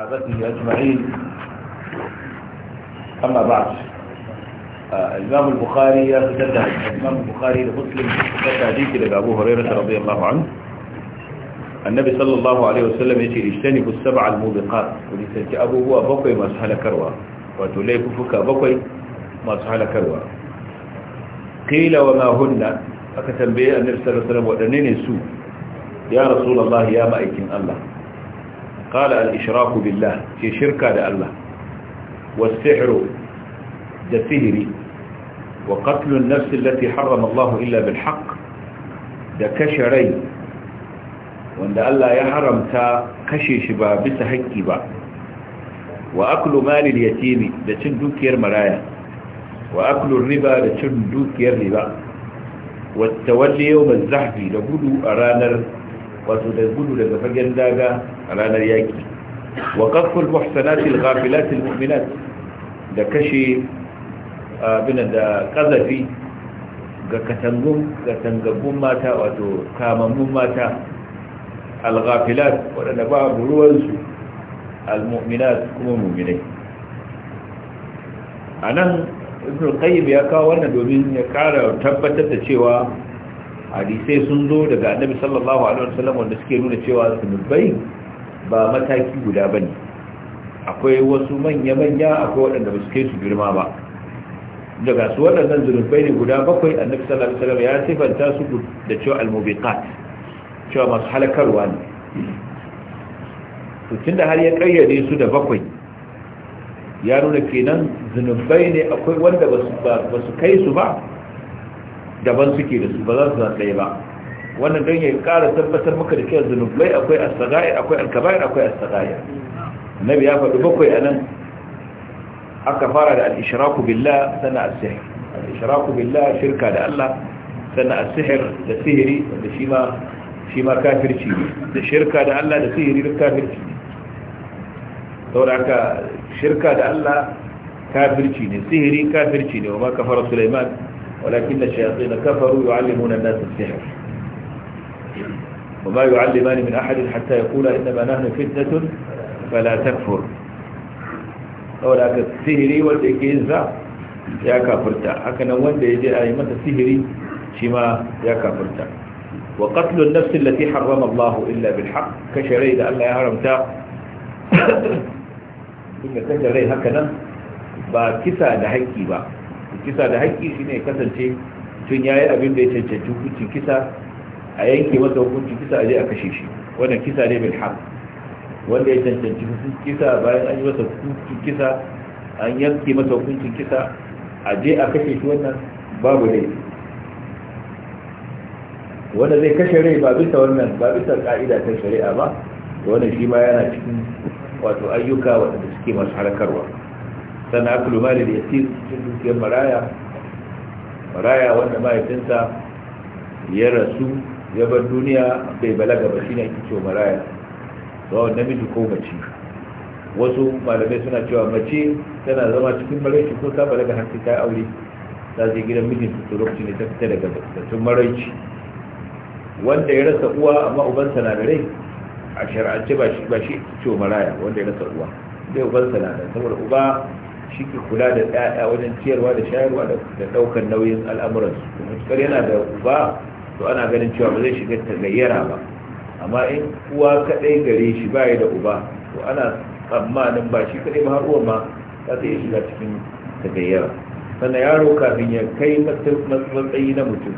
وصحابته أجمعين أما بعد الإمام البخاري يفتدى الإمام البخاري لمسلم يفتدى حديث لك أبو هريرة رضي الله عنه النبي صلى الله عليه وسلم يقول اجتنبوا السبع الموبقات ولسنك أبو هو بقي ما سهل كروى وتليف فك بقي ما سهل كروى قيل وما هن أكتن به النبي صلى الله عليه وسلم وأنني سوء يا رسول الله يا مأيكين الله qala al-ishraku billah ce shirka da Allah was-sihru da sihiri wa qatlu an-nafs allati harrama illa bil haqq da kashe rai wanda Allah ya haramta kashe shi ba bisa haƙƙi ba wa aklu malil yatimi da cin dukiyar maraya wa aklu riba da cin dukiyar riba wa tawalli yawm az da gudu a ranar wato da gudu daga fagen daga a ranar yaki wa kafin muhsanatil ghafilatil mu'minat da kashe abinan da kazafi ga katangun mata wato kamammun mata al waɗanda ba ruwansu al-mu'minat kuma mu'minai a nan ibn ya kawo wannan domin ya ƙara tabbatar da cewa hadisai sun zo daga annabi sallallahu alaihi wasallam wanda suke nuna cewa zunubai ba mataki guda bane akwai wasu manya manya akwai waɗanda ba su kai su girma ba daga su wadannan zunubai ne guda bakwai annabi sallallahu alaihi wasallam ya sifanta su da cewa al-mubiqat cewa masu halakarwa ne to tunda har ya kayyade su da bakwai ya nuna kenan zunubai ne akwai wanda ba su kai su ba daban suke da su ba za su zan ɗaya ba wannan don ya ƙara tabbatar maka da kyau zunubai akwai asagayar akwai alkabayar akwai asagayar na biya faɗi bakwai a nan aka fara da al'ishiraku billah sana al-sihir al'ishiraku billah shirka da Allah sana al-sihir da sihiri da shi ma shi ma kafirci ne da shirka da Allah da sihiri da kafirci ne saboda haka shirka da Allah kafirci ne sihiri kafirci ne wa ma fara suleiman. ولكن الشياطين كفروا يعلمون الناس السحر وما يعلمان من أحد حتى يقول إنما نحن فتنة فلا تكفر ولكن السهري والإكيزة يا كافرتا هكذا وانده يجي آيما السهري شما يا كافرتا وقتل النفس التي حرم الله إلا بالحق كشري إذا ألا يهرمتا إن كشري هكذا با كسا لحكي با kisa da haƙƙi shine ya kasance tun yayi abin da ya cancanci hukuncin kisa a yanke masa hukuncin kisa a je a kashe shi wannan kisa ne bil haq wanda ya cancanci hukuncin kisa bayan an yi masa hukuncin kisa an yanke masa hukuncin kisa a je a kashe shi wannan babu dai wanda zai kashe rai ba bisa wannan ba bisa ka'ida ta shari'a ba wannan shi ma yana cikin wato ayyuka wanda suke masu harkarwa Sana akulu mali da yasir cikin dukiyar maraya maraya wanda mahaifinsa ya rasu ya bar duniya bai balaga ba shine ake cewa maraya zuwa namiji ko mace wasu malamai suna cewa mace tana zama cikin maraici ko ta balaga har sai ta aure ta je gidan mijin ta tsoro ne ta fita daga batun maraici wanda ya rasa uwa amma ubansa na da rai a shari'ance ba shi ba shi ciwo maraya wanda ya rasa uwa dai ubansa na da saboda uba shi ke kula da ɗaya wajen ciyarwa da shayarwa da ɗaukar nauyin al'amuransu cikar yana da uba to ana ganin cewa ba zai shiga tagayyara ba amma in uwa kaɗai gare shi ba da uba to ana tsammanin ba shi kaɗai ba har ma za ta iya shiga cikin tagayyara sannan yaro kafin ya kai matsayi na mutum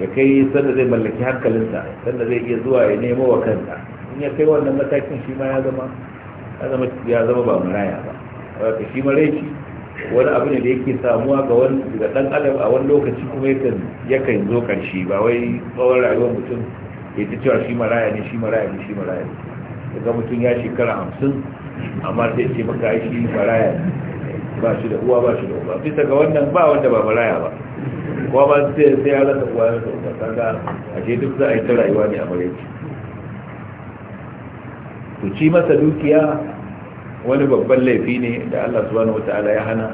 ya kai sanda zai mallaki hankalinsa sanda zai iya zuwa ya nemo wa kansa in ya kai wannan matakin shi ma ya zama ya zama ba maraya ba ka shi shi wani abu ne da yake samuwa ga wani daga dan adam a wani lokaci kuma yakan yakan zo karshe ba wai tsawon rayuwar mutum ya ta cewa shi maraya ne shi maraya ne shi maraya ne daga mutum ya shekara hamsin amma sai ce maka shi maraya ne ba shi da uwa ba shi da uba bisa ga wannan ba wanda ba maraya ba kuma ba sai sai ya rasa uwa ya rasa uwa kaga a ce duk za a yi ta rayuwa ne a maraici ku ci masa dukiya wani babban laifi ne da Allah subhanahu wata'ala ya hana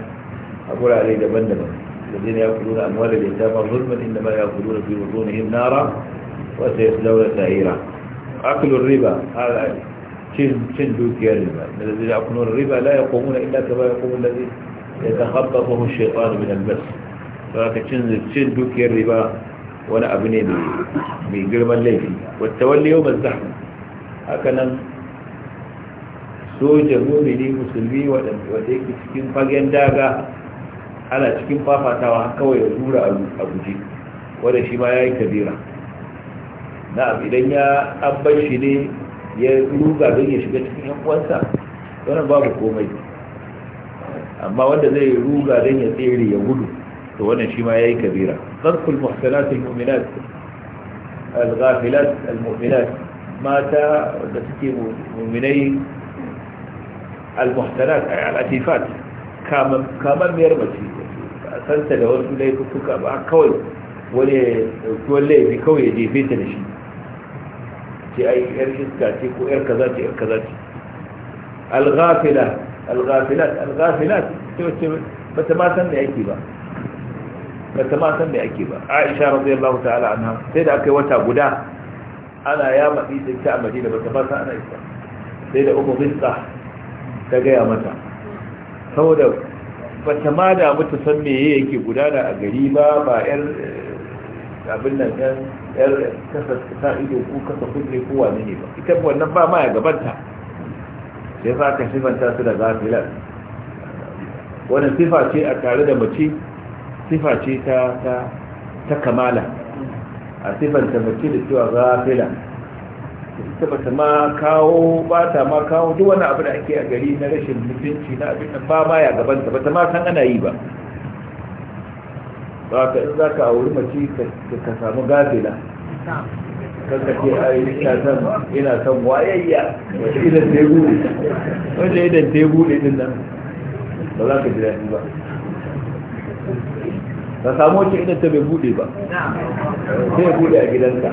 a gurare daban-daban da zai ya kudu na amurda da ta faru zulmin inda ya kudu na fi wuzo na yin nara wata ya sulau da tahira akulun riba hada cin dukiyar riba da zai ya kudu riba la ya komu na inda ta bayan komu lazi ya ta haɓa kuma shekwan min albas to haka cin dukiyar riba wani abu ne mai girman laifi wata wani yau ban zahmi haka nan sojan mumini musulmi wadanda yake cikin fagen daga ana cikin fafatawa kawai ya zura a guji wadda shi ma ya yi kabira na idan ya abban shi ne ya ruga don ya shiga cikin yan uwansa wannan babu komai amma wanda zai ruga don ya tsere ya gudu to wannan shi ma ya yi kabira zarkul muhsanatul mu'minat al-ghafilat al-mu'minat mata da suke mu'minai al-muhtarat ay al-atifat kamar kamar mayar mace santa da wasu laifuka ba kawai wani wani laifi kawai ya jefe ta da shi ce yi yar iska ce ko yar kaza ce yar kaza ce al-ghafila al-ghafilat al-ghafilat ce ce bata ma san da yake ba bata ma san da yake ba Aisha radiyallahu ta'ala anha sai da aka yi wata guda ana ya mafi ta a Madina bata ma san ana isa sai da Ummu Bisqa ta gaya mata saboda ba ta ma damu ta san meye yake gudana a gari ba ba yar eh, abin nan yan yar kasa ta ido ko kasa kudre ko wani ne ba ita wannan ba ma ya gabanta sai za ka sifanta su da zafilar wannan sifa ce a tare da mace sifa ce ta ta kamala a sifanta mace da cewa zafilar ita ba ta ma kawo ba ta ma kawo duk wani abu da ake a gari na rashin mutunci na abin da ba ma ya ta ba ta ma san ana yi ba ba ka in za ka auri mace ka samu gafila kanka ce yi ta san ina san wayayya idan tebu wanda idan tebu din nan ba za ka ji daɗi ba ka samu wacce idan ta bai bude ba sai ya bude a gidansa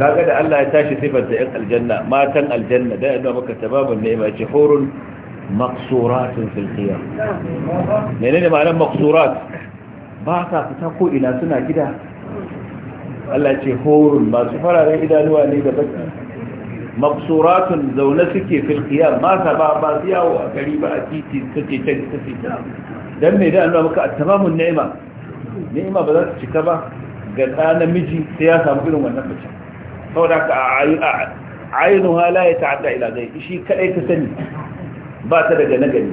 kaga da Allah ya tashi sifar da 'yan aljanna matan aljanna da yadda maka tababun ne ba ce horun maksuratun filkiyar menene ma'anar maksurat ba sa fita ko ina suna gida Allah ce horun masu fararen idanuwa ne da baki maksuratun zaune suke filkiyar masa ba ba su yawo a gari ba a titi suke can suke can dan mai da Allah maka a tamamun ni'ima ni'ima ba za ta cika ba ga ɗa namiji sai ya samu irin wannan mace saboda ka ainuha la yata'adda ila zai shi kadai ta sani ba ta daga nagari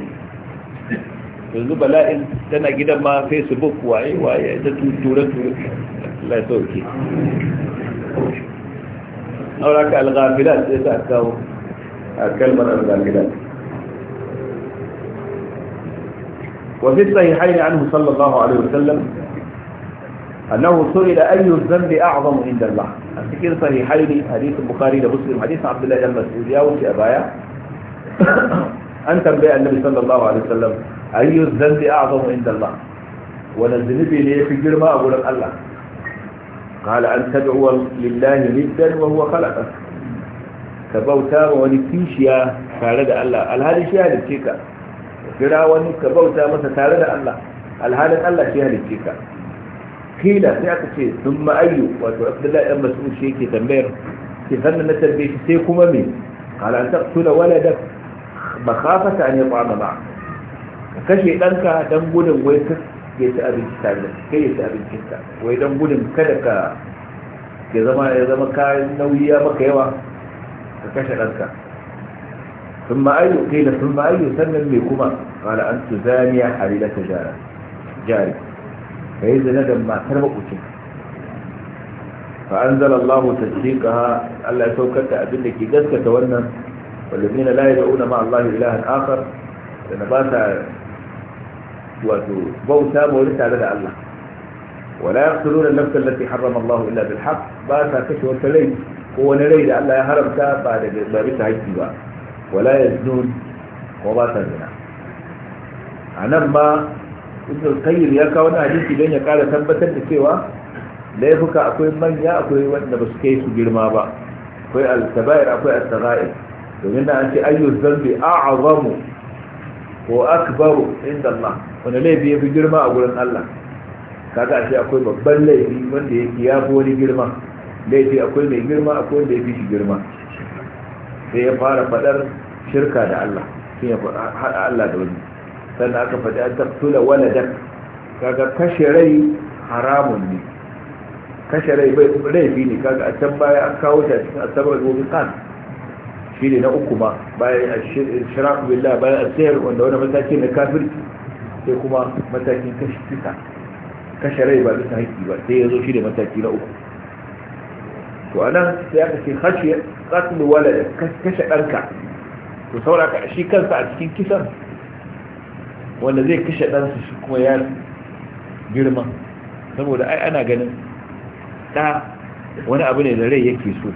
yanzu bala'in tana gidan ma facebook waye waye ta tura tura la sauke auraka al-ghafilat sai ta kawo kalmar al-ghafilat وفي الصحيحين عنه صلى الله عليه وسلم أنه سئل أي الذنب أعظم عند الله أفتكر صحيحين حديث البخاري لمسلم حديث عبد الله بن مسعود يا وفي أبايا أن تنبئ النبي صلى الله عليه وسلم أي الذنب أعظم عند الله ونزنبي لي في جرمى أقول الله قال أن تدعو لله ندا وهو خلقك كبوتا ونكيشيا فارد الله الهالي شيء هالي kira wani ka bauta masa tare da Allah alhalin Allah shi halicce ka kila sai aka ce sun ma'ayyu wato abdullahi dan mas'ud shi yake tambayar ke sannan na tambaye shi sai kuma me qala ba taqtula waladak ne an ba ka kashe danka dan gudun wai ka abinci tare kai ya ci abincin ka wai dan gudun kada ka ya zama ya zama ka nauyi ya maka yawa ka kashe danka ثم أي قيل ثم أي سنة بكما قال أن تزاني حليلة جارك جارك فإذا ندم ما تربق وشك فأنزل الله تصديقها ألا توكت أبنك جسك تونا والذين لا يدعون مع الله إلها آخر لنباتا وبوتا مولتا لدى الله ولا يقتلون النفس التي حرم الله إلا بالحق باتا كشوة ليل هو نليل ألا يهرمتا بعد ذلك هيتي بقى wala yaznun ko ba ta zina a nan ma ibn kayyir ya kawo wani hadisi don ya kara tabbatar da cewa laifuka akwai manya akwai wanda ba su kai su girma ba akwai al-kaba'ir akwai al-sagha'ir domin da an ce ayyu zambi a'azamu ko akbaru inda Allah wanda laifi ya fi girma a gurin Allah kaga ce akwai babban laifi wanda ya fi wani girma laifi akwai mai girma akwai wanda ya fi shi girma sai ya fara faɗar shirka da Allah sai ya haɗa Allah da wani sannan aka faɗi an tattula waladak kaga kashe rai haramun ne kashe rai bai laifi ne kaga a can baya an kawo shi a cikin asabar gobe kan shi ne na uku ma bayan shiraku billah bayan asiyar wanda wani mataki na kafirci sai kuma matakin kashe kisa kashe rai ba bisa haƙƙi ba sai ya zo shi ne mataki na uku to anan sai aka ce khashiya qatl walad kashe danka to ka shi kansa a cikin kisan wanda zai kashe dansa shi kuma ya girma saboda ai ana ganin da wani abu ne da rai yake so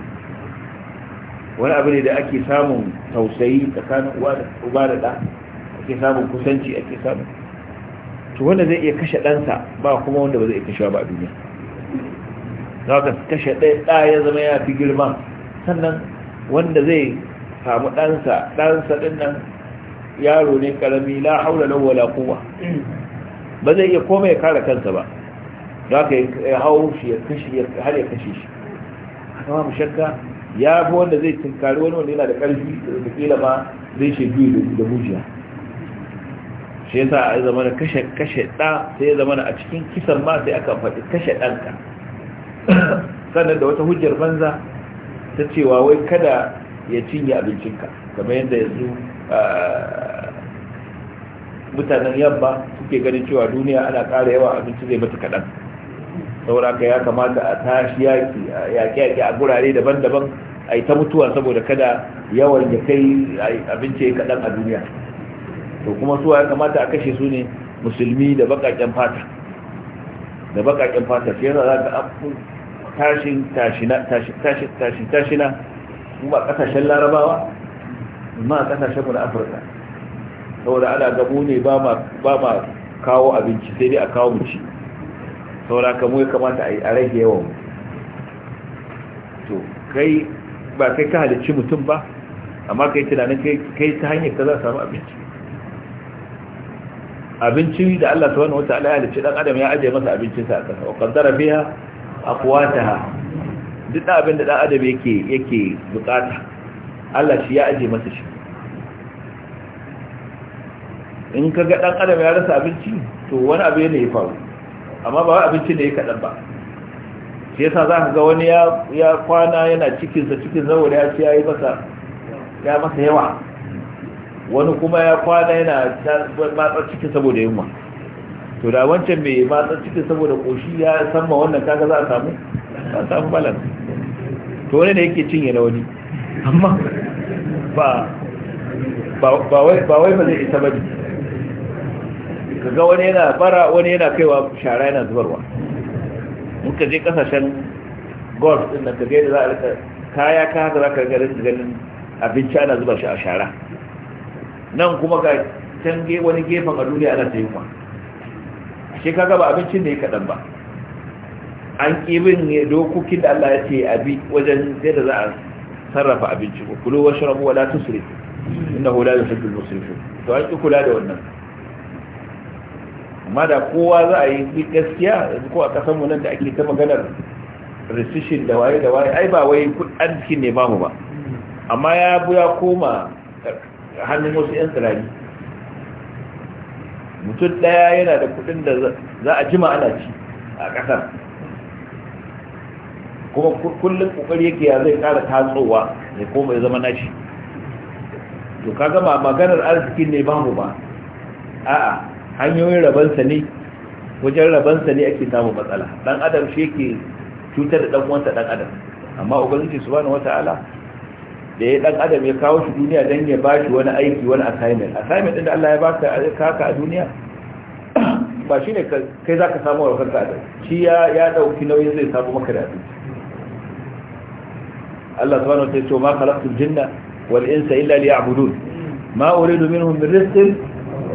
wani abu ne da ake samun tausayi tsakanin uba da ɗa ake samun kusanci ake samun to wanda zai iya kashe ɗansa ba kuma wanda ba zai iya kashe ba a duniya zaka kashe kashe da ya zama ya fi girma sannan wanda zai samu dansa ɗansa ɗin nan yaro ne ƙarami la haula la wala kowa ba zai iya komai ya kare kansa ba za ka ya hau shi ya kashe har ya kashe shi haka mu shakka ya fi wanda zai tunkari wani wanda yana da ƙarfi da kila ma zai ce biyu da mujiya shi yasa a zama kashe kashe ɗa sai ya zama a cikin kisan ma sai aka faɗi kashe ɗanka sannan da wata hujjar banza ta cewa wai kada ya cinye abincinka kamar yadda yanzu ah, mutanen yamma suke ganin cewa duniya ana ƙara yawa abinci zai mata kaɗan haka ya kamata a tashi yaƙi yaƙi a gurare daban-daban a yi ta mutuwa saboda kada yawan ya kai abinci kaɗan a duniya to kuma suwa ya kamata a kashe su ne musulmi da baƙaƙen fata da baƙaƙen fata shi yana za ka tashin tashina tashin tashin tashina kuma a kasashen larabawa ma a kasashen na afirka saboda ana gabu ne ba ma kawo abinci sai dai a kawo muci saboda kamu ya kamata a rage yawan to kai ba kai ka halicci mutum ba amma kai tunanin kai ta hanyar ka za samu abinci abinci da Allah ta wani wata ya halicci dan adam ya ajiye masa abincinsa a kasa wa qaddara fiha akwataha duk abin da dan adam yake yake bukata Allah shi ya aje masa shi in ka ga dan adam ya rasa abinci to wani abu ne ya faru amma ba wai abinci ne ya kadan ba shi yasa za ka ga wani ya ya kwana yana cikin sa cikin zawuri ya ci yayi masa ya masa yawa wani kuma ya kwana yana matsar cikin saboda yunwa to da wancan mai ta cike saboda koshi ya san ma wannan kaga za a samu ba a samu balan to wani da yake cinye na wani amma ba ba wai ba zai isa bane kaga wani yana bara wani yana kaiwa shara yana zubarwa in ka je kasashen golf din nan ka ga za a rika kaya ka haka za ka ga ganin abinci ana zuba shi a shara nan kuma ga can wani gefen a duniya ana kuma shi ka ba abincin da ya kaɗan ba an ƙibin dokokin da Allah ya ce abi wajen yadda za a sarrafa abinci ko kulo wasu rabu wala tusrif inna hu da yuhibbul musrifin to an ƙi kula da wannan amma da kowa za a yi gaskiya ko a kasan mu nan da ake ta maganar recession da waye da waye ai ba wai kudin ne ba mu ba amma ya buya koma hannun wasu yan tsirani mutum ɗaya yana da kuɗin da za a jima ana ci a kasar. kuma kullum ƙoƙari yake ya zai ƙara tatsowa ne ko mai zama nashi to ka gama maganar arzikin ne mu ba a'a hanyoyin rabansa ne wajen rabansa ne ake samu matsala dan adam shi yake cutar da dan uwansa dan adam amma ubangiji subhanahu wataala da ya dan adam ya kawo shi duniya dan ya bashi wani aiki wani assignment assignment din da Allah ya baka kaka a duniya ba shine kai zaka samu wannan kanka shi ya ya dauki nauyin zai samu maka da abinci Allah subhanahu wa ta'ala ce ma khalaqtul jinna wal insa illa liya'budun ma uridu minhum min rizqin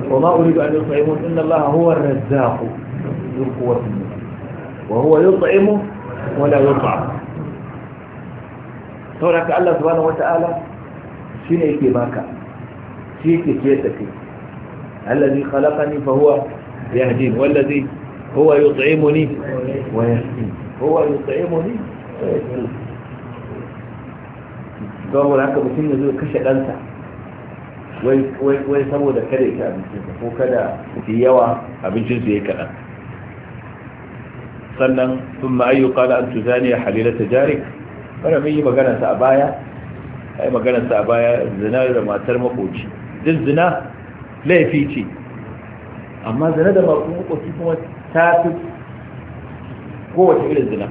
wa ma uridu an yut'imun inna Allah huwa ar-razzaq dhul quwwati wa huwa yut'imu wa la yut'am saboda ka Allah subhanahu wata'ala shi ne yake baka shi yake ce ta kai allazi khalaqani fa huwa yahdin wallazi huwa yut'imuni wa yasqin huwa yut'imuni wa yasqin saboda haka mutum ya zo kashe ɗansa wai saboda kada ya ci abincinsa ko kada yi yawa abincin abincinsa ya kaɗan sannan sun ma'ayyu ƙala an tuzaniya halilata jarik wannan mai yi maganarsa a baya a yi maganarsa a baya zina da matar makoci duk zina laifi ce amma zina da makoci kuma ta fi kowace irin zina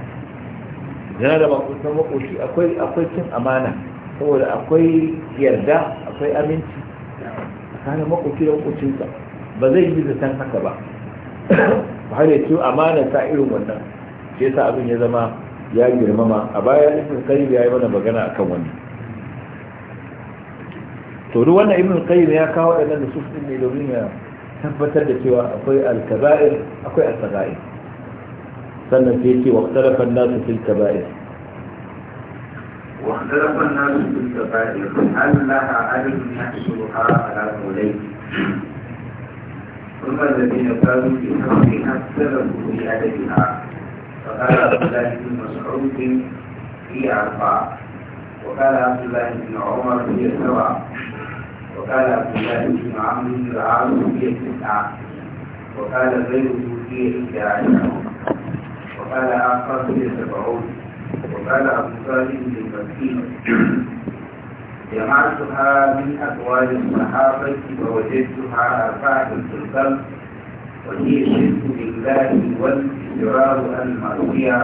zina da makoci makoci akwai akwai cin amana saboda akwai yarda akwai aminci tsakanin makoci da makocinsa ba zai yi zaton haka ba har ya ciwo amana ta irin wannan shi yasa abin ya zama ya girmama a baya ibn qayyim yayi mana magana akan wannan to duk wannan ibn qayyim ya kawo wadannan nusus din ne domin ya tabbatar da cewa akwai al-kaba'ir akwai al sagair sannan sai yake wa ikhtalafa an-nasu fil kaba'ir واختلف الناس في الكبائر هل لها عدد يحصلها على قولين ثم الذين قالوا في حقها اختلفوا في عددها وقال عبد الله بن مسعود في أربعة وقال عبد الله بن عمر في سبعة وقال عبد الله بن عمرو بن العاص في تسعة وقال غيره في إحدى عشرة وقال آخر في سبعون وقال أبو طالب بن مسكين جمعتها من أقوال الصحابة فوجدتها أربعة في القلب وهي الشرك بالله والاستقرار المعصية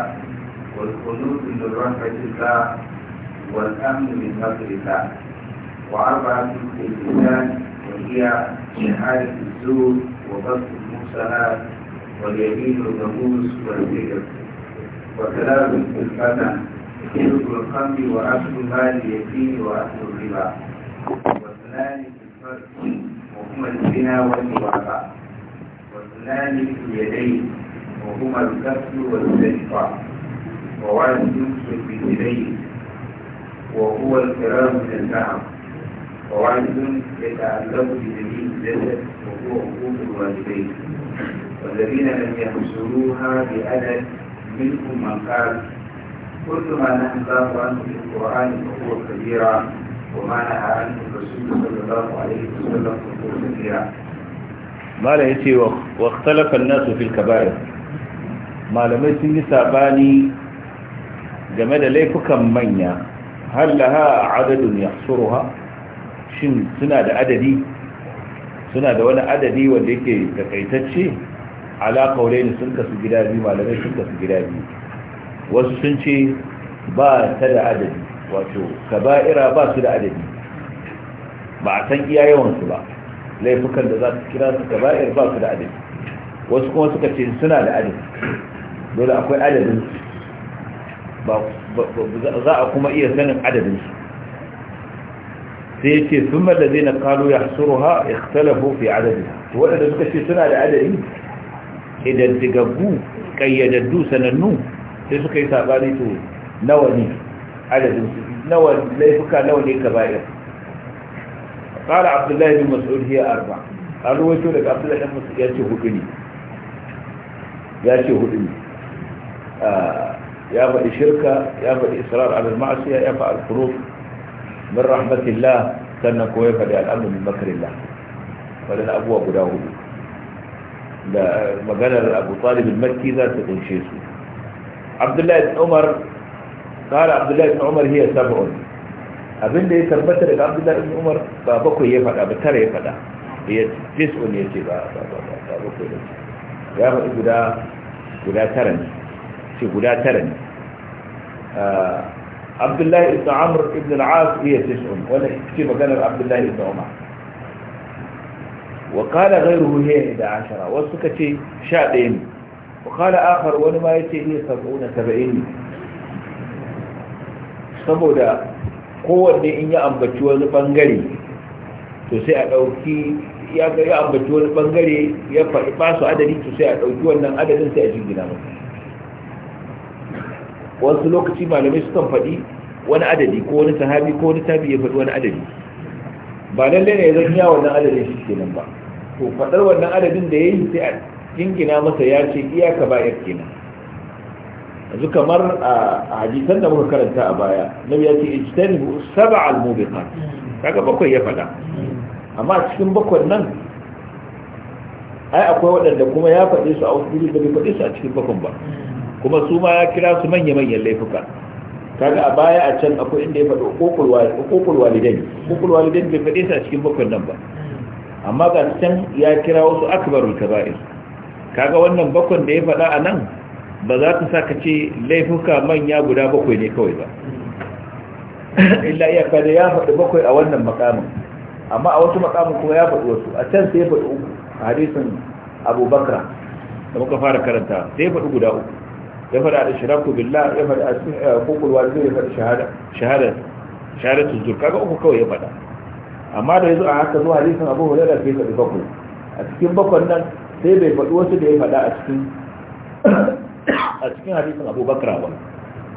والخلود من رحمة الله والأمن من نصر الله وأربعة في اللسان وهي شهادة الزور وبسط المرسلات واليمين والنموس والذكر وثلاثة في الفتن شرب الخمر وأكل مال اليتيم وأكل الربا واثنان في الفرد وهما الزنا والمواقع اثنان في اليدين وهما الكفل والسجفة ووعد يمسك برجليه وهو الكرام من النعم ووعد يتعلق بدليل الجسد وهو عقوق الوالدين والذين لم يحصروها بأدب منهم من قال كل ما نحن الله عنه في القرآن فهو كبيرا وما نهى عنه الرسول صلى الله عليه وسلم فهو كبيرا mala ya ce wa talafan nasu fil kaba'ir malamai sun yi sabani game da laifukan manya hallaha adadun ya shin suna da adadi suna da wani adadi wanda yake takaitacce ala kaulaini sun kasu gida biyu malamai sun kasu gida biyu wasu sun ce ba ta da adadi wato kaba'ira ba su da adadi ba a san iya yawansu ba laifukan da za su kira su kaba'ir ba su da adin wasu kuma suka ce suna da adin dole akwai adadin za a kuma iya sanin adadin su sai ce sun mallaze na kalu ya suru ha ikhtalafu fi adadin to waɗanda suka ce suna da adadin idan digaggu kayyadaddu sanannu sai suka yi saɓani to nawa ne adadin su nawa laifuka nawa ne ka kaba'ir قال عبد الله بن مسعود هي أربع قال رويته لك عبد الله بن مسعود يأتي هدني يأتي هدني يا بني شركة يا بني إصرار على المعصية يا بني الخروف من رحمة الله سنك ويفد الأمن من مكر الله فلنا أبوه أبو داود da maganar abu talibin makki za ta kunshe su abdullahi umar قال عبد الله بن عمر هي سبع abin da ya tarbata daga abdullahi ibn umar ba bakwai ya faɗa ba tara ya faɗa ya tis'un ya ce ba ba bakwai ya ce ya faɗi guda guda tara ne ce guda tara ne ah, abdullahi ibn amr ibn al-as ya tis'un wanda ce maganar abdullahi ibn umar wa qala ghayruhu da 11 wasu suka ce 11 ne wa qala akhar wani ma yace hiya 70 70 saboda kowanne in ya ambaci wani bangare to sai a ɗauki ya ga ya ambaci wani bangare ya faɗi basu adadi to sai a ɗauki wannan adadin sai a jingina masa wasu lokaci malamai sukan faɗi wani adadi ko wani sahabi ko wani tabi ya faɗi wani adadi ba lallai ne zan iya wannan adadin shi kenan ba to faɗar wannan adadin da ya yi sai a jingina masa ya ce iyaka ba yar kenan yanzu kamar a hadisan da muka karanta a baya nabi ya ce ijtanibu sab'a al-mubiqat kaga bakwai ya fada amma cikin bakwai nan ai akwai waɗanda kuma ya faɗe su a wasu da bai faɗe su a cikin bakwai ba kuma su ma ya kira su manya-manyan laifuka kaga a baya a can akwai inda ya faɗi hukukul walidai hukukul walidai bai faɗe su a cikin bakwai nan ba amma ga can ya kira wasu akbarul kaba'ir kaga wannan bakwai da ya faɗa a nan ba za ta sa ka ce laifuka manya guda bakwai ne kawai ba illa iya kada ya faɗi bakwai a wannan makamin amma a wasu makamin kuma ya faɗi wasu a can sai ya faɗi uku a hadisun abubakar da muka fara karanta sai ya faɗi guda uku ya faɗi a shiraku billah ya faɗi a kukulwa zai ya faɗi shahada tuzur kaga uku kawai ya faɗa amma da ya zo a haka zuwa hadisin abu hulɗar sai ya faɗi bakwai a cikin bakwai nan sai bai faɗi wasu da ya faɗa a cikin a cikin hadisin abubakar ba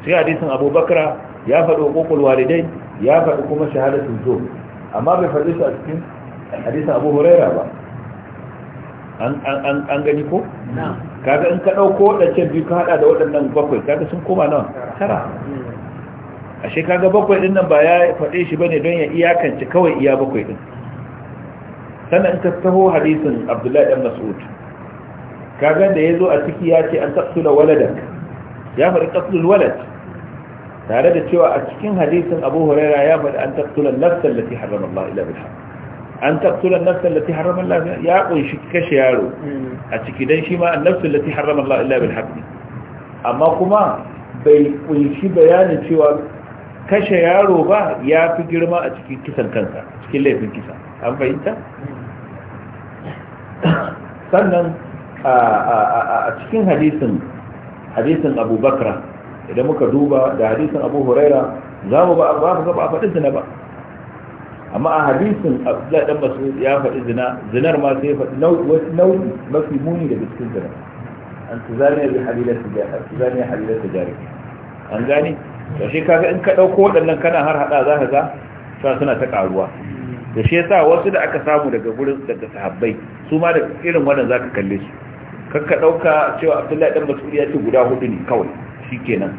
sai hadisin abubakar ya faɗi kokul walidai ya faɗi kuma shahadatun zo amma bai faɗi su a cikin hadisin abu huraira ba an gani ko? kaga in ka ɗauko waɗancan biyu ka haɗa da waɗannan bakwai kaga sun koma nan tara ashe kaga bakwai ɗin nan ba ya faɗe shi bane don ya iyakance kawai iya bakwai ɗin sannan in ka taho hadisin abdullahi ɗan mas'ud kaga da ya zo a ciki ya ce an taqtula waladak ya faɗi qatlul walad tare da cewa a cikin hadisin Abu Huraira ya faɗi an taqtula nafsan allati harrama Allah illa bil haqq an taqtula nafsan allati harrama Allah ya kunshi kashe yaro a ciki dan shi ma nafsan allati harrama Allah illa bil amma kuma bai kunshi bayanin cewa kashe yaro ba ya fi girma a cikin kisan kansa cikin laifin kisa an fahimta sannan a cikin hadisin hadisin Abu Bakra idan muka duba da hadisin Abu Huraira za mu ba ba ga faɗi zina ba amma a hadisin Abdullahi dan Mas'ud ya faɗi zina zinar ma sai faɗi nau'i mafi muni da cikin zina an su bi ya jahar tuzani halilati jari an gane to shi kaga in ka dauko waɗannan kana har haɗa za ka ga sa suna ta ƙaruwa. da shi sa wasu da aka samu daga gurin daga sahabbai su ma da irin wannan ka kalle su kakka ɗauka cewa abdullahi dan ya ce guda hudu ne kawai shi kenan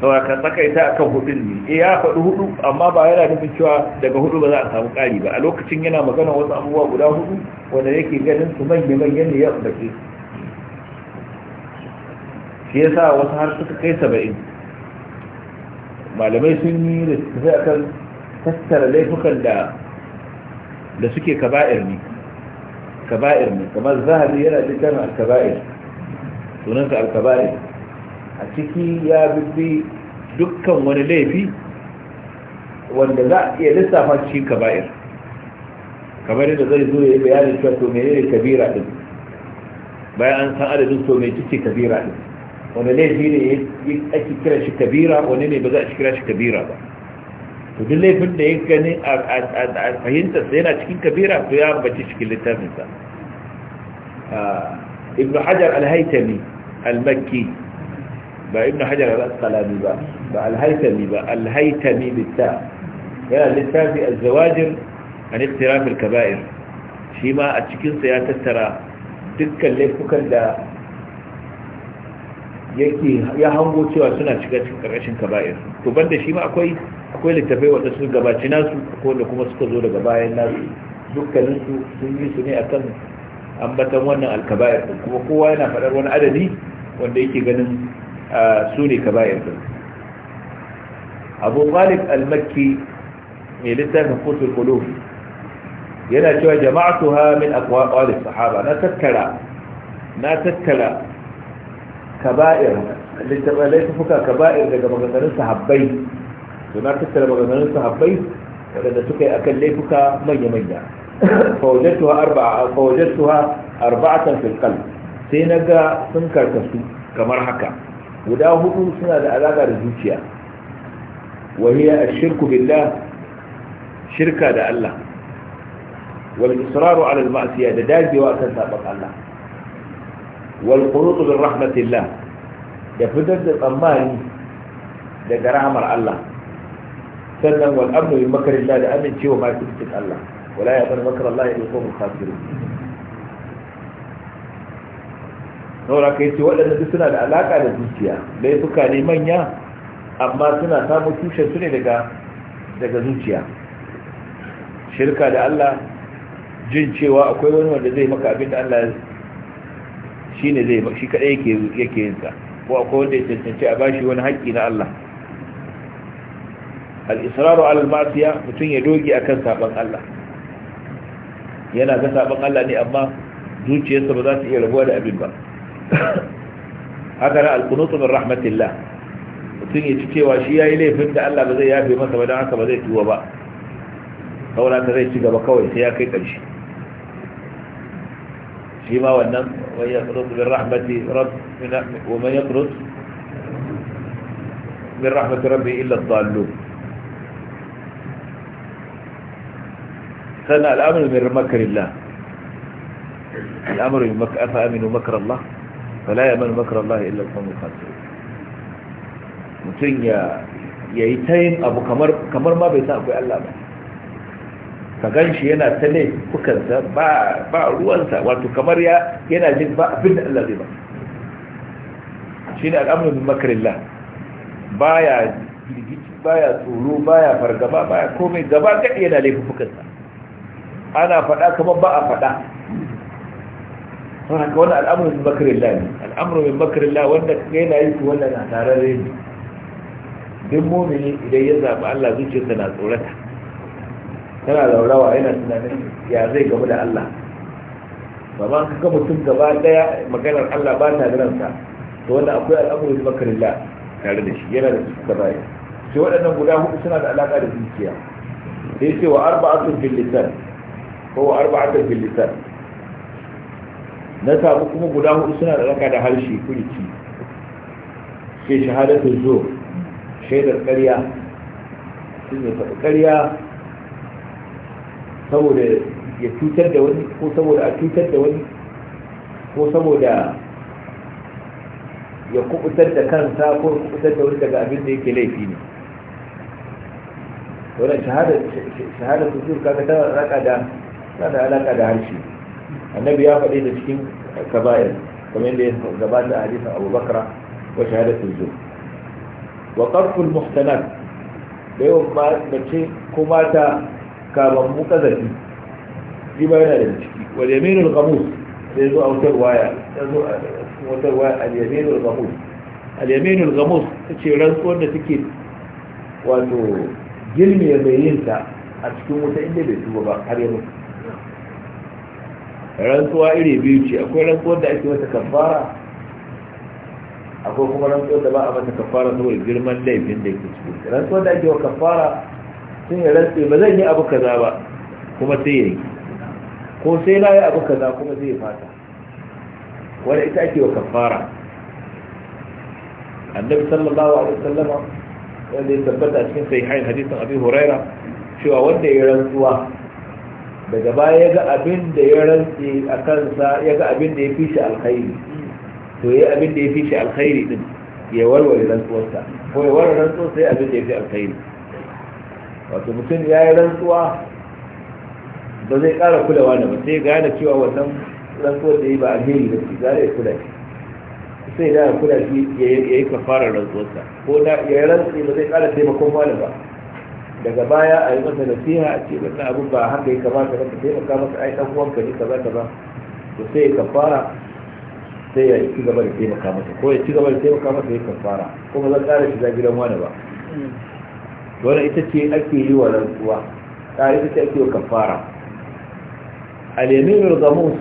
sauraka tsakaita akan hudun ne eh ya faɗi hudu amma ba yana nufin cewa daga hudu ba za a samu ƙari ba a lokacin yana magana wasu abubuwa guda hudu wanda yake ganin su manya manyan ne ya bake shi yasa wasu har suka kai saba'in malamai sun yi da su akan tattara laifukan da da suke kaba'ir ne kaba'ir ne kamar zahabi yana littafin al-kaba'ir sunansa al-kaba'ir a ciki ya bibbi dukkan wani laifi wanda za a iya lissafa cikin kaba'ir kamar yadda zai zo ya yi bayanin cewa to menene kabira din bayan an san adadin to mai cike kabira din wani laifi ne ya ake kira shi kabira wani ne ba za a kira shi kabira ba to duk laifin da ya gani a fahimtarsa yana cikin kabira to ya ambaci cikin littafinsa ah, ibn hajar al-haitami al-makki ba ibn hajar al-asqalani ba ba al-haitami ba al-haitami bitta yana littafi az-zawajir an ittiraf al-kaba'ir shi ma a cikinsa ya tattara dukkan laifukan da yake ya hango cewa suna shiga cikin karkashin kaba'ir to banda shi ma akwai akwai littafai wanda sun gabaci nasu ko wanda kuma suka zo daga bayan nasu dukkanin su sun yi su ne akan ambatan wannan alkaba'ir kuma kowa yana faɗar wani adadi wanda yake ganin su ne kaba'ir din Abu Malik almakki mai littafin Qutul Qulub yana cewa jama'atuha min akwai sahaba na tattara na tattara kaba'ir laifuka kaba'ir daga maganganun sahabbai suna tattara maganganun sahabbai waɗanda suka yi a kan laifuka manya-manya fawajattuha arba'atan fil sai na ga sun karkasu kamar haka guda hudu suna da alaƙa da zuciya wahiya ashirku billah shirka da Allah wal israru ala al da dagewa kan sabon Allah wal qunutu bir rahmatillah da fitar da tsammani daga rahmar Allah sannan wal amnu bi makrillah amincewa ma cikin Allah wala ya bar makar Allah ya ilko mukhasirun saura kai ce waɗanda duk suna da alaka da zuciya laifuka ne manya amma suna samun tushen su ne daga zuciya shirka da Allah jin cewa akwai wani wanda zai maka abinda da shi ne zai shi kaɗai yake yin sa ko akwai wanda ya cancanci a bashi wani haƙƙi na Allah al-israru ala al-ma'siya mutum ya doge akan saban Allah yana ga saban Allah ne amma zuciyarsa ba za ta iya rabuwa da abin ba haka na al-qunutu min rahmatillah mutum ya ci cewa shi yayi laifin da Allah ba zai yafe masa ba dan haka ba zai tuwa ba kaura ka zai ci gaba kawai sai ya kai ƙarshe الحمى والنم ويقرض بالرحمة رب وما يقرض من رحمة ربي إلا الضالون ثناء الأمر من مكر الله الأمر أفأمن مكر الله فلا يأمن مكر الله إلا القوم الخاسرين متين يا يتين أبو كمر كمر ما بيتاقوا يا الله ka gan shi yana ta ne kukansa ba ruwansa wato kamar ya yana jin ba abin da Allah zai ba shi ne al'amuran bin ba baya girgici ya tsoro baya fargaba ya komai gaba gaɗi yana laifin fukansa. ana faɗa kamar ba a faɗa sun haka wani al'amuran bin makarillah ne al'amuran bin makarillah wanda yana yi su wannan a tarare ne duk ne idan ya zaɓi Allah zuciyarsa na tsorata da rawa yana tunanin ya zai gamu da Allah ba ma ka mutum gaba daya maganar Allah ba ta ransa to wanda akwai al'amuri makarilla tare da shi yana da su bayan sai waɗannan guda hudu suna da alaƙa da zuciya sai ce wa arba'atun fil lisan ko wa arba'atun fil lisan na samu kuma guda hudu suna da alaƙa da harshe kurici sai shahadatu zo shaidar ƙarya sun yi faɗi ƙarya saboda ya cutar da wani ko saboda a cutar da wani ko saboda ya kubutar da kansa ko kubutar da wani daga abin da yake laifi ne wannan shahadar kusur kaga ta raka da tana alaka da harshe annabi ya faɗi da cikin kabayar kamar yadda ya gabata a hadisin abubakar wa shahadar kusur wa ƙarfin muhtanar da yawan mace ko mata kaban mu zafi shi ba yana da ciki wal yaminul ghamus sai zo a wutar waya ya zo a wutar waya al yaminul ghamus al yaminul ghamus tace rantsuwar da take wato gilmi ya bai yin ta a cikin wuta inda bai tuba ba har yanzu rantsuwa iri biyu ce akwai rantsuwar da ake mata kafara akwai kuma rantsuwar da ba a mata kafara saboda girman laifin da ke cikin rantsuwar da ake wa kafara sai ya rantse ba zan yi abu kaza ba kuma sai ya yi ko sai na yi abu kaza kuma sai ya fata wani ita ake wa kafara annabi sallallahu alaihi wasallam wanda ya tabbata a cikin hain hadisin abi huraira cewa wanda ya rantsuwa daga baya ya ga abin da ya rantse a kansa ya ga abin da ya fi shi alkhairi to ya abin da ya fi shi alkhairi din ya warware rantsuwarsa ko ya warware rantsuwarsa ya abin da ya fi alkhairi wato mutum ya yi rantsuwa ba zai kara kulawa da ba sai gane cewa wannan rantsuwa da yi ba alheri da shi zai kula shi sai da kula shi ya yi kafarar rantsuwarsa ko da ya yi rantsi ba zai kara taimakon wani ba daga baya a yi masa nasiha a ce wannan abin ba haka ya kamata ba ka taimaka masa ai ɗan uwanka ne kaza kaza to sai ya kafara sai ya ci gaba da taimaka masa ko ya ci gaba da taimaka masa ya kafara kuma zan kara shiga gidan wani ba mm. Dole ita ce ake yi wa rantsuwa ta ita ce ake yi wa kafara al-yaminul gamus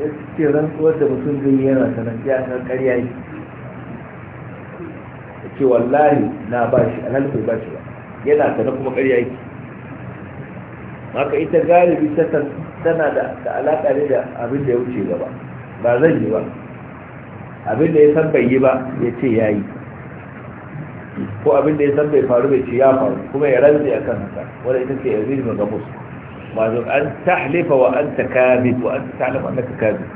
ita ce rantsuwar da mutum zai yana sanarci a kan karya yi ce wallahi na ba shi alhalifai ba shi ba yana sanar kuma karya yi Maka ita galibi tana da alaƙa ne da abin da ya wuce gaba ba zan yi ba abin da ya san bai yi ba ya ce ya yi ko abin da ya san bai faru bai ce ya faru kuma ya a kan haka wanda ita ce yazid ga gabus wato an tahlifa wa anta kadhib wa anta ta'lam annaka kadhib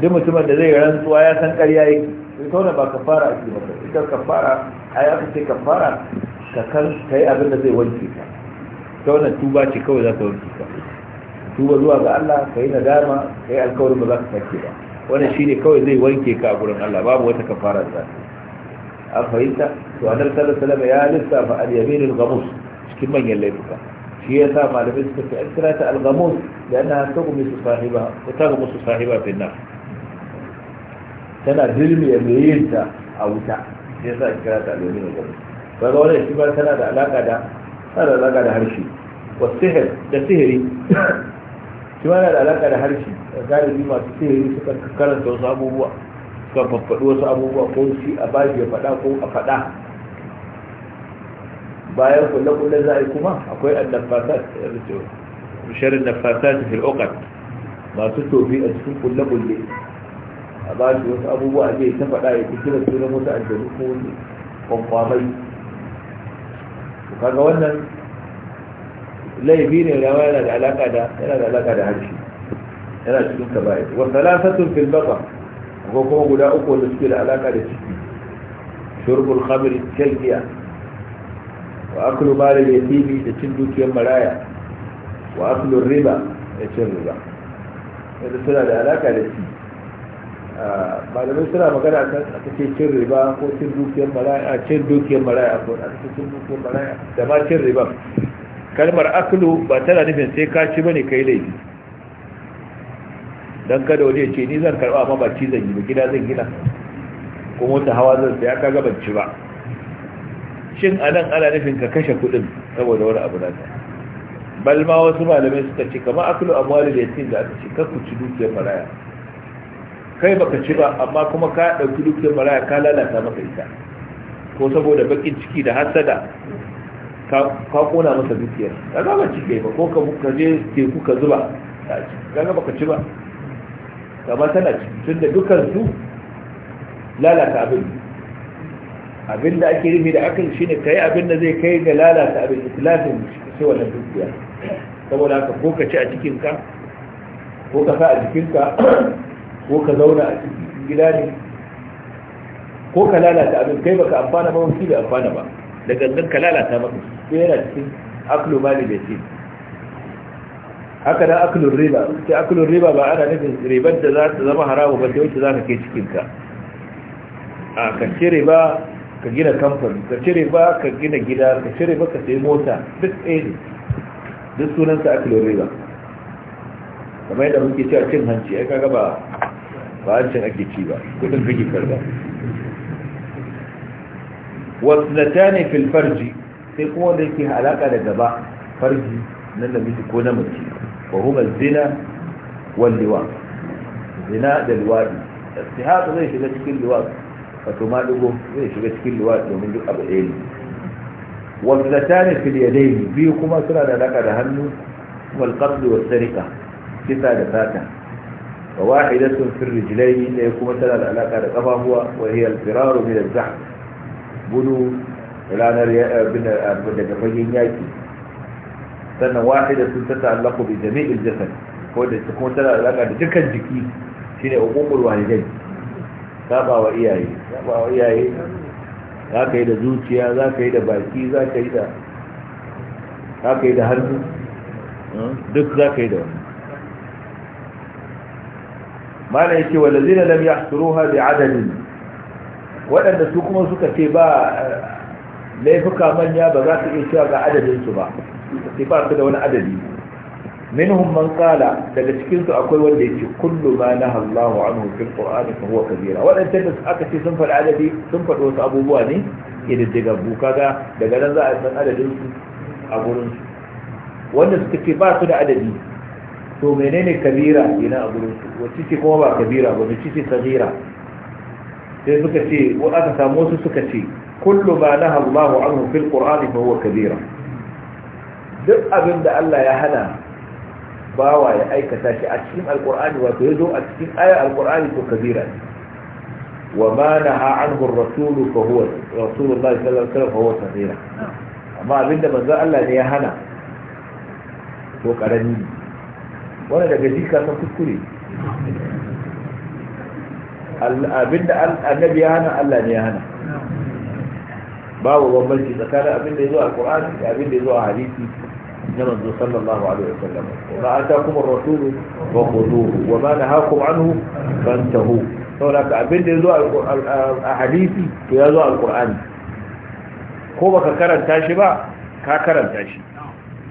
duk mutumin da zai rantsuwa ya san ƙarya yake sai wannan ba kafara ake ba ita kafara a aka ce kafara ka kan kai abin da zai wanke ka tauna tuba ce kawai za ta wanke ka tuba zuwa ga Allah ka yi nadama ka yi alkawarin ba za ka sake ba wannan shine kawai zai wanke ka a gurin Allah babu wata kafara da za ta an fahimta to a nan sallar salama ya lissafa al-yamin al-ghamus cikin manyan laifuka shi ya sa malamai suka fi an kira ta al-ghamus da ana tagumi su sahiba ko tagumi su sahiba fi nar tana dilmiya mai yin ta a wuta shi ya sa an kira ta al-yamin al-ghamus kaga wannan shi ba tana da alaka da tana da alaka da harshe wa sihir da sihiri shi ma yana da alaka da harshe galibi masu sihiri suka karanta wasu abubuwa ka faɗi wasu abubuwa ko shi a bashi ya faɗa ko a faɗa bayan kulle-kulle za a yi kuma akwai sharin nafasat fil uqad masu tofi a cikin kulle-kulle a ba wasu abubuwa a ta faɗa ya cikin da sunan a aljanu ko wani kwankwamai kaga wannan laifi ne rawa yana da alaƙa da yana da alaka da harshe yana cikin kaba'i wa salafatun fil baqa ko kuma guda uku wanda suke da alaka da ciki shurbul khamr kalbiya wa aklu da yatimi da cin dukiyar maraya wa aklu riba da cin riba yadda suna da alaka da ciki malamai suna magana kan a kace cin riba ko cin dukiyar maraya A cin dukiyar maraya ko a kace cin dukiyar maraya da ma cin riba kalmar aklu ba tana nufin sai ka ci bane kai laifi don kada wani ya ce ni zan karɓa amma ba ci zan yi ba gida zan gina ko mota hawa zan sai ka ga banci ba shin a nan ana nufin ka kashe kuɗin saboda wani abu na bal ma wasu malamai suka ce kamar akulu amwali da yatim da aka ce "Ka ku ci dukiyar maraya kai baka ci ba amma kuma ka ɗauki dukiyar maraya ka lalata maka ita ko saboda bakin ciki da hasada ka kona masa dukiyar ka gaba ba ci kai ba ko ka je teku ka zuba ka ga ka ci ba kama tana tun da dukansu lalata abin abin da ake rufi da akan shi ne ka yi abin da zai kai ga lalata abin islafin shi wannan dukiya saboda haka ko ka ci a cikinka ko ka sa a jikinka ko ka zauna a cikin gida ne ko ka lalata abin kai baka amfana ba wasu bai amfana ba da gangan ka lalata maka su yana cikin aklo mali da ce haka da aklun riba sai aklun riba ba ana nufin ribar da za ta zama haramu ba sai wacce za ka ke cikinka a ka ci riba ka gina kamfani ka ci riba ka gina gida ka ci riba ka sai mota duk ɗaya ne duk sunansa aklun riba kamar yadda muke cewa cin hanci ai kaga ba ba hancin ake ci ba kudin kake karba wasnatani fil farji sai kuma wanda yake alaka da gaba farji na namiji ko na mace wa huma zina wal liwa zina da liwadi istihaq zai shiga cikin liwadi wato ma dugo zai shiga cikin liwadi domin duk abu ɗaya ne wal zatani fil biyu kuma suna da alaka da hannu wal qatl kisa da sata وواحدة في الرجلين tana يكون مثلا العلاقة لقفا هو وهي الفرار من الزحف بلو الآن بن بن ياكي sannan wahida sun ta ta'allaku bi jami'il jasad ko da kuma tana alaka da dukkan jiki shine uqumul walidai saba wa iyaye saba wa iyaye za ka yi da zuciya za ka yi da baki za ka yi da za ka yi da hannu hmm, duk za ka yi da wani mana ya ce wanda zina lam ya suruha da adadin waɗanda su kuma suka ce ba eh, laifuka manya ba za su iya cewa ga adadinsu ba sai ba su da wani adadi minhum man qala daga cikin su akwai wanda yake kullu ma naha Allahu anhu fil qur'ani fa huwa kabira wadannan da aka ce sun faɗi adadi sun faɗi wasu abubuwa ne ididdiga bu kaga daga nan za a san adadin su a gurin su wanda suka ce ba su da adadi to menene kabira ina a gurin su wacce ce kuma ba kabira ba wacce ce sagira sai suka ce wa aka samu su suka ce kullu ma naha Allahu anhu fil qur'ani fa huwa kabira duk abin da Allah ya hana bawa ya aikata shi a cikin alkur'ani wato ya zo a cikin ayar alkur'ani ko kabira wa ma naha anhu ar-rasul fa huwa rasulullah sallallahu alaihi wasallam fa huwa kabira amma abin da manzo Allah ne ya hana ko karami ne Wani daga jika san kuskure abin da annabi ya hana Allah ne ya hana babu bambanci tsakanin abin da ya zo a da abin da ya zo a hadisi na manzo sallallahu alaihi wasallam ma atakum ar-rasul wa khudhuhu wa ma nahakum anhu fantahu saboda ka abin da a hadisi to al ko baka karanta shi ba ka karanta shi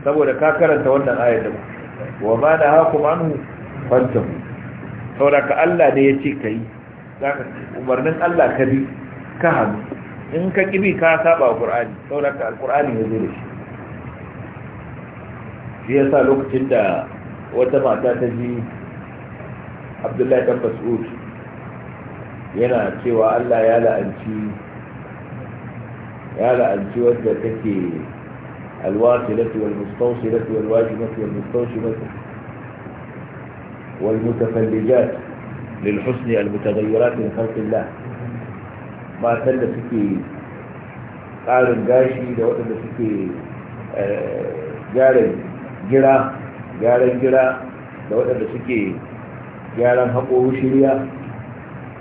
saboda ka karanta wannan ayat ba wa ma nahakum anhu fantahu saboda ka Allah ne yace kai zaka umarnin Allah ka bi ka hannu in ka kibi ka saba al-qur'ani saboda ka al-qur'ani da shi shi ya sa lokacin da wata mata ta ji abdullahi dan mas'ud yana cewa allah ya la'anci ya la'anci wadda take alwasilatu wal mustawsilatu wal wajibatu wal mustawshibatu wal mutafallijat lil husni al mutaghayyirat min khalqillah matan da suke ƙarin gashi da waɗanda suke eh, gyara gira gyaran gira da waɗanda suke gyaran haƙo shirya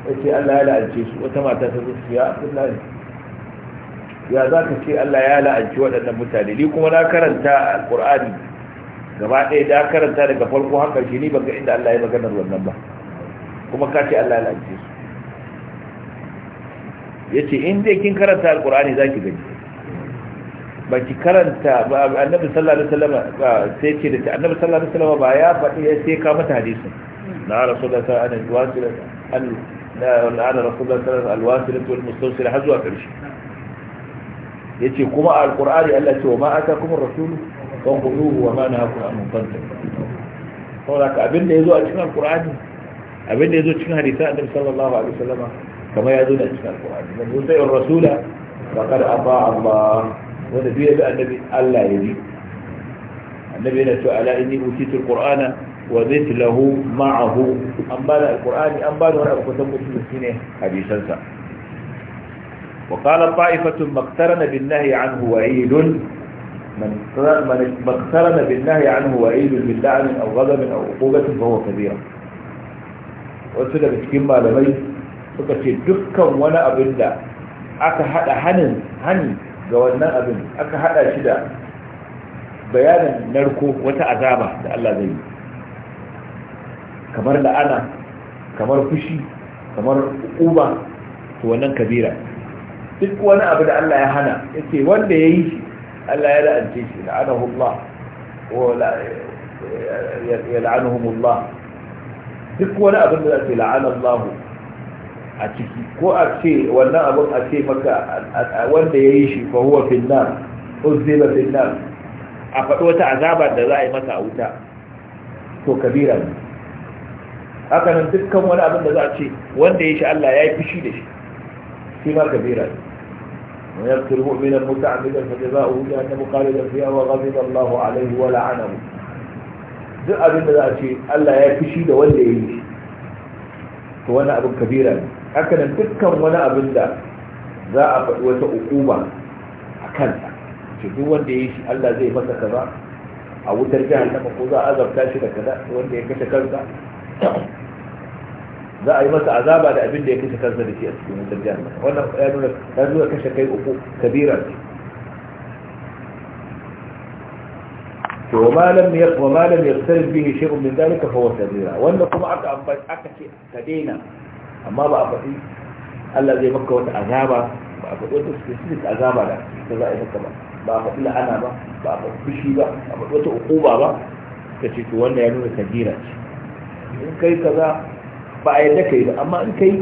ya ce allah ya la'ance su wata mata ta zuci ya abdullahi ya za ka ce allah ya la'anci waɗannan mutane ni kuma na karanta alƙur'ani gaba ɗaya da karanta daga farko haka shi ni baka inda allah ya maganar wannan ba kuma ka ce allah ya la'ance su ya ce in dai kin karanta alƙur'ani za ki gani ba ki karanta ba annabi sallallahu alaihi wasallam sai ce da annabi sallallahu alaihi wasallam ba ya faɗi sai ka mata hadisin na rasulullahi sallallahu alaihi wasallam an ana rasulullahi sallallahu alaihi wasallam al-mustawsil har zuwa karshe yace kuma alqur'ani Allah ce wa ma atakum ar-rasul fanquduhu wa ma nahakum an tantahu saboda ka abinda yazo a cikin alqur'ani abinda yazo cikin hadisi annabi sallallahu alaihi wasallam kama yazo da cikin alqur'ani man yuti ar-rasula faqad ata Allah ونبيه بقى النبي الله يدي النبي نتوى على إني أتيت القرآن ومثله معه أنبال القرآن أنبال وراء وكتب مسلسينه حديثا سا. وقال الطائفة ما اقترن بالنهي عنه وعيد من ما اقترن بالنهي عنه وعيد من دعم أو غضب أو عقوبة فهو كبير وصل بسكما لمي فكتب دكا ولا أبدا أكا حد هنن هنن ga wannan abin aka hada shi da bayanin narko wata azaba da Allah zai yi kamar la'ana kamar fushi kamar uba to wannan kabira duk wani abu da Allah ya hana yake wanda ya yi shi Allah ya la'ance shi la'anahu Allah wa ya la'anahu Allah duk wani abin da zai la'ana Allah a ciki ko a ce wannan abin a ce maka wanda ya yi shi fa huwa finnar uzziba finnar a faɗi wata azaba da za a yi masa a wuta to kabira ne haka nan dukkan wani abin da za a ce wanda ya yi shi Allah ya yi fushi da shi shi ma kabira ne ويقتل مؤمنا متعمدا فجزاؤه جهنم خالدا فيها وغضب الله wa la'anahu. duk abin da za a ce Allah ya yi fushi da wanda ya yi shi. to wani abin kabira ne haka nan dukkan wani abin da za a faɗi wata ukuba a kansa ce duk wanda ya yi shi Allah zai masa kaza a wutar jahannama ko za a azabta shi da kaza wanda ya kashe kansa za a yi masa azaba da abin da ya kashe kansa da shi a cikin wutar jihar jahannama wannan ya nuna ya nuna kashe kai uku kabira ne to ma lam ya wa ma lam yaqtarib bihi shay'un min dhalika fa huwa kabira wannan kuma aka aka ce ka daina amma ba a faɗi Allah zai maka wata azaba ba a faɗi wata specific azaba da ta za a yi maka ba ba a faɗi la'ana ba ba a faɗi fushi ba ba a faɗi wata uquba ba ka ce to wannan ya nuna kabira ce in kai kaza ba a yadda kai ba amma in kai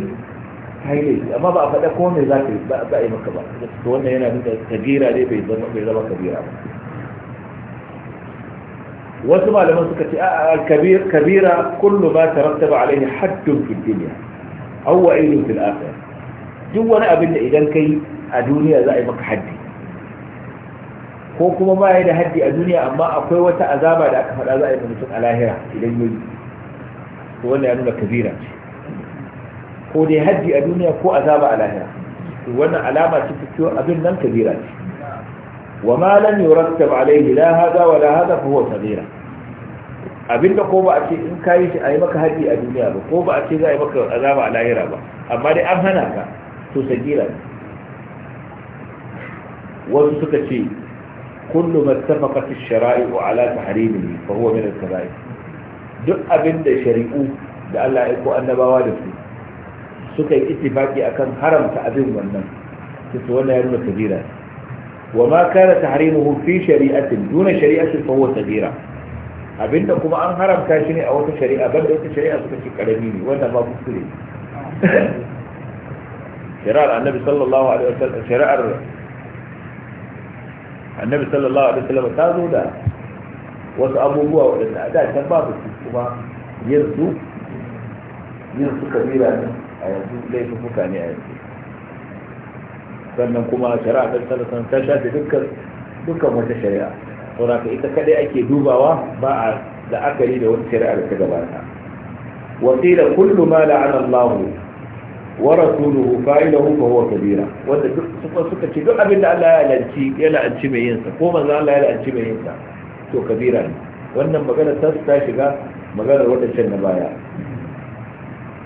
kai ne amma ba a faɗa ko me za ka yi ba a yi maka ba to wannan yana nuna kabira ne bai zama bai ba wasu malaman suka ce a kabira kullu ma tarattaba alaihi haddun fid dunya aw wa'idun fil akhirah duk wani abin da idan kai a duniya za a yi maka haddi ko kuma ba ya da haddi a duniya amma akwai wata azaba da aka faɗa za a yi mutum a lahira idan yi to wannan ya nuna kabira ce ko dai haddi a duniya ko azaba a lahira to wannan alama ce ta cewa abin nan kabira ce wa ma lam yurattab alayhi la hada wa la hada fa huwa kabira abinda ko ba a ce in kayi shi a yi maka haɗi a duniya ba ko ba a ce za a yi maka azaba a lahira ba amma dai an hana ka to sagira ne wasu suka ce kullu mattafaqat ash-shara'i ala tahrimihi fa huwa min al-kaba'ir duk abinda shari'u da Allah ya ko annabawa da su suka yi ittifaki akan haramta abin wannan to wannan ya nuna kabira wa ma kana tahrimuhu fi shari'atin duna shari'atin fa huwa kabira abinda kuma an haramta shi ne a wata shari'a banda wata shari'a suka ce karami ne wanda ba kuskure shari'ar annabi sallallahu alaihi wasallam shari'ar annabi sallallahu alaihi wasallam ta zo da wasu abubuwa waɗanda a da can babu su kuma yanzu yin su kabila ne a yanzu laifin fuka ne a yanzu sannan kuma shari'a ta sallallahu ta shafe dukkan dukkan wata shari'a saboda ita kadai ake dubawa ba a la'akari da wata shari'ar ta gabata wasila kullu ma la'ana Allah wa rasuluhu fa'ilahu fa huwa kabira wanda duk suka ce duk abin da Allah ya lanci ya lanci mai yin sa ko manzo Allah ya lanci mai yin sa to kabira ne wannan magana ta ta shiga maganar wadancan na baya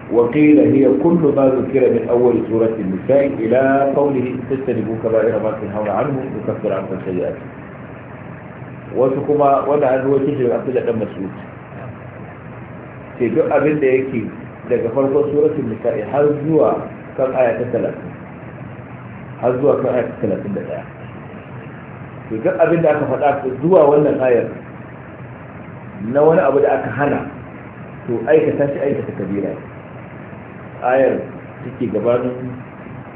وقيل هي كل ما ذكر من أول سورة النساء إلى قوله تجتنبوا كبائر ما تنهون عنه يكفر عنكم سيئاتكم wasu kuma wanda an ruwa shi da dan mas'ud sai duk abin da yake daga farkon suratun nisa'i har zuwa kan aya ta har zuwa kan aya ta daya duk abin da aka faɗa zuwa wannan ayar na wani abu da aka hana to aikata shi aikata kabira ayar take gabanin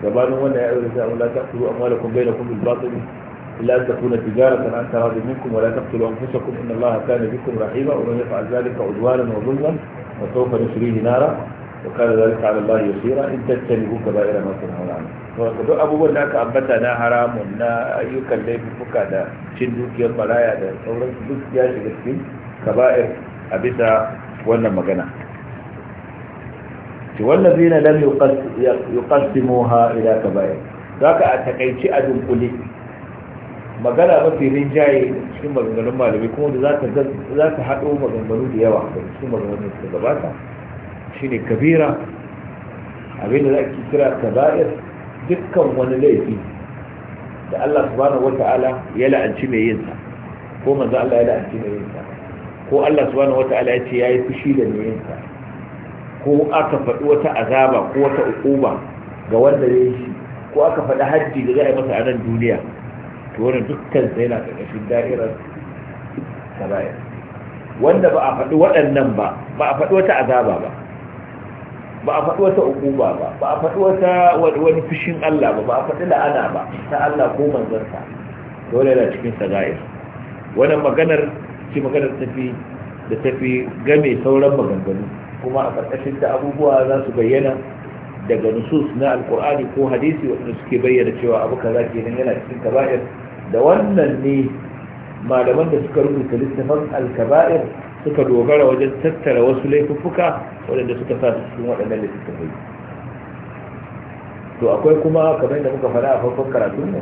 gabanin wanda ya aure sai Allah ta turu amma da kun da kun bil batil إلا أن تكون تجارة عن تراض منكم ولا تقتلوا أنفسكم إن الله كان بكم رحيما ومن يفعل ذلك عدوانا وظلما وسوف نسريه نارا وكان ذلك على الله يسيرا إن تجتنبوا كبائر ما تنهون عنه duk abubuwan da aka ambata na haramun na ayyukan laifuka da cin dukiyar baraya da sauransu duk ya shiga cikin kaba'ir a bisa wannan magana ci wallazina lam yuqassimuha ila kaba'ir a takaici a dunkule magana mafi rinjaye cikin maganganun malamai kuma da za ta haɗo maganganu da yawa da cikin maganganun da gabata shi ne kabira abinda za ki kira kaba'ir dukkan wani laifi da Allah subhanahu wata'ala ya la'anci mai yin sa ko manzo Allah ya la'anci mai yin sa ko Allah subhanahu wata'ala ya ce yayi fushi da mai yin sa ko aka faɗi wata azaba ko wata uquba ga wanda ya yi shi ko aka faɗi hajji da za a yi masa a nan duniya to wani dukkan sai na ƙarƙashin da'irar kaba'ir wanda ba a faɗi waɗannan ba ba a faɗi wata azaba ba ba a faɗi wata hukuma ba ba a faɗi wata wani fushin Allah ba ba a faɗi la'ana ba ta Allah ko manzarta. dole na cikin saga'ir wannan maganar ce maganar tafi da tafi game sauran maganganu kuma a ƙarƙashin ta abubuwa za su bayyana daga nusus na alkur'ani ko hadisi wanda suke bayyana cewa abu kaza kenan yana cikin kaba'ir da wannan ne malaman da suka rubuta littafin alkaba'ir suka dogara wajen tattara wasu laifuffuka waɗanda suka sa su cikin waɗannan littattafai to akwai kuma kamar da muka faɗa a farkon karatun mu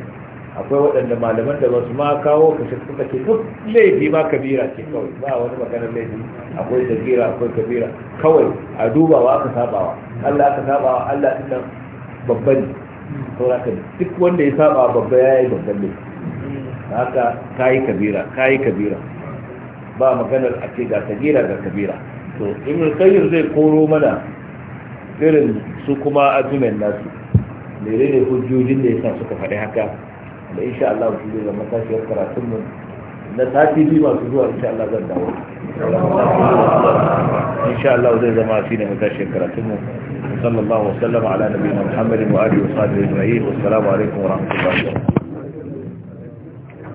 akwai waɗanda malaman da basu ma kawo kashe suka ce duk laifi ma kabira ce kawai ba wani maganar laifi akwai kabira akwai kabira kawai a dubawa aka sabawa Allah aka sabawa Allah din nan babban sauraka duk wanda ya saba babba ya yi babban laifi haka kayi kabira kayi kabira ba maganar a ce ga kabira ga kabira to ibn qayyim zai koro mana irin su kuma azumin nasu ne hujjojin da yasa suka faɗi haka da insha Allah su zai zama tashiyar karatun mu na sati biyu masu zuwa insha Allah zan dawo insha Allah zai zama shi ne matashiyar karatun mu sallallahu alaihi wa sallam ala nabiyina Muhammadin wa alihi wa sahbihi ajma'in wassalamu alaikum wa rahmatullahi wa barakatuh